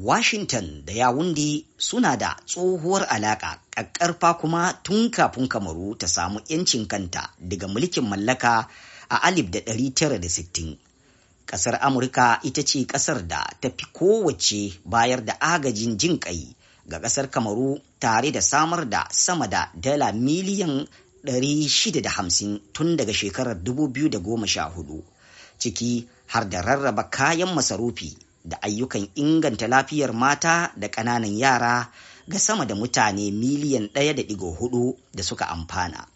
Washington da Yawundi suna da tsohuwar alaƙa ƙaƙƙarfa kuma tun kafin Kamaru ta samu 'yancin kanta daga mulkin mallaka a 1960. Ƙasar Amurka ita ce ƙasar da ta fi kowace bayar da agajin jin ƙai ga ƙasar Kamaru tare da samar da sama da dala miliyan 650 tun daga shekarar 2014 ciki har da rarraba kayan masarufi da ayyukan inganta lafiyar mata da ƙananan yara ga sama da mutane miliyan ɗaya da ɗigo hudu da suka amfana.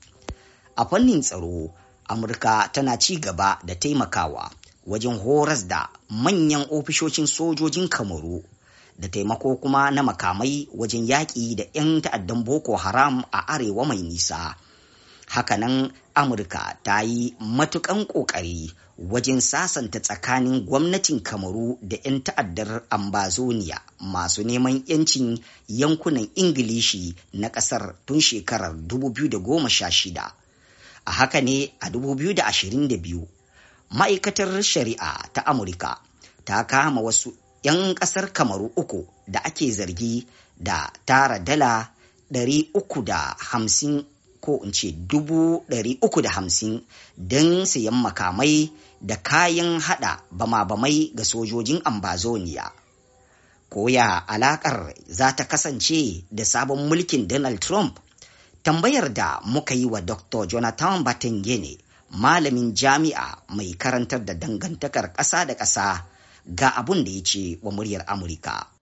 A fannin tsaro, Amurka tana ci gaba da taimakawa wajen horas da manyan ofishoshin sojojin Kamaru da taimako kuma na makamai wajen yaƙi da 'yan ta'addan Boko Haram a arewa mai nisa. hakanan amurka ta yi matukan kokari wajen sasanta tsakanin gwamnatin kamaru da 'yan ta'addar ambazoniya masu neman 'yancin yankunan ingilishi na kasar tun shekarar 2016 a haka ne a 2022 ma'aikatar shari'a ta amurka ta kama wasu 'yan kasar kamaru uku da ake zargi da tara dala 350 ko in ce dubu ɗari uku da hamsin don sayan makamai da kayan haɗa bama-bamai ga sojojin ambazoniya. Koya alaƙar za ta kasance da sabon mulkin Donald Trump? Tambayar da muka yi wa Dr. Jonathan Batengene, malamin jami'a mai karantar da dangantakar ƙasa da ƙasa ga abun da ya ce wa muryar Amurka.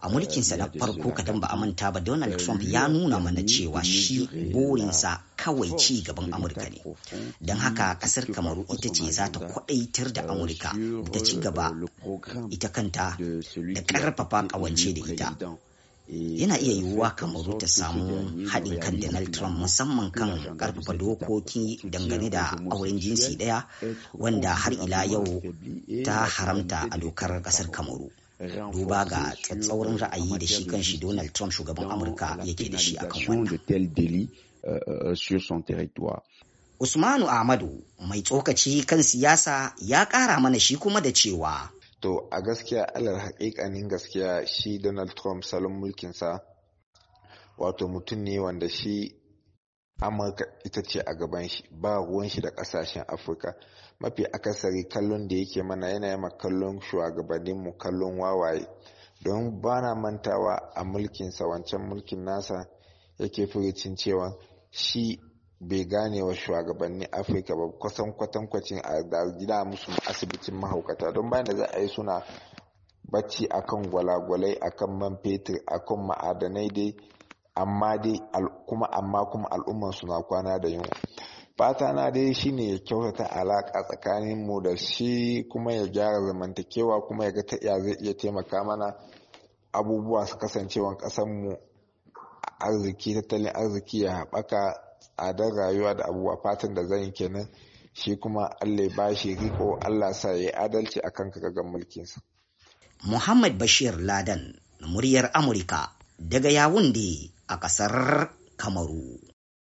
a mulkinsa na farko kadan ba a manta ba donald trump ya nuna mana cewa shi burinsa kawai ci gaban amurka ne don haka kasar kamaru ita ce za ta kwadaitar da amurka ta ci gaba ita kanta da ƙarfafa ƙawance da ita yana iya yiwuwa kamaru ta samu haɗin kan donald trump musamman kan ƙarfafa dokoki dangane da auren jinsi ɗaya wanda har ila yau ta haramta a dokar ƙasar kamaru duba ga tsatsauran ra'ayi da shi kanshi Donald Trump shugaban Amurka yake da shi akan wannan. Euh, euh, Usmanu Ahmadu mai tsokaci kan siyasa ya ƙara mana shi kuma da cewa. To a gaskiya alar haƙiƙanin gaskiya shi Donald Trump salon mulkinsa wato mutum ne wanda shi amurka ita ce a gaban shi ba ruwan shi da kasashen afirka mafi akasari kallon da yake mana yana yama kallon shugabanninmu kallon wawaye don ba na mantawa a mulkinsa wancan mulkin nasa yake furicin cewa shi bai gane wa shugabannin afirka ba kwasan kwatankwacin a gida musu asibitin mahaukata don bayan da za a yi suna bacci akan gwalagwalai akan man fetur akan ma'adanai dai amma dai kuma amma kuma al'umman su na kwana da yunwa fata na dai shine ya kyautata alaka tsakanin mu da shi kuma ya gyara zamantakewa kuma ya ga ta iya zai iya taimaka mana abubuwa su kasancewan kasan mu arziki tattalin arziki ya haɓaka tsadar rayuwa da abubuwa fatan da zan kenan shi kuma Allah ba shi, riko Allah sa ya yi adalci a akan kagagan mulkinsa Muhammad Bashir Ladan muryar Amurka daga yawun Yawunde a ƙasar kamaru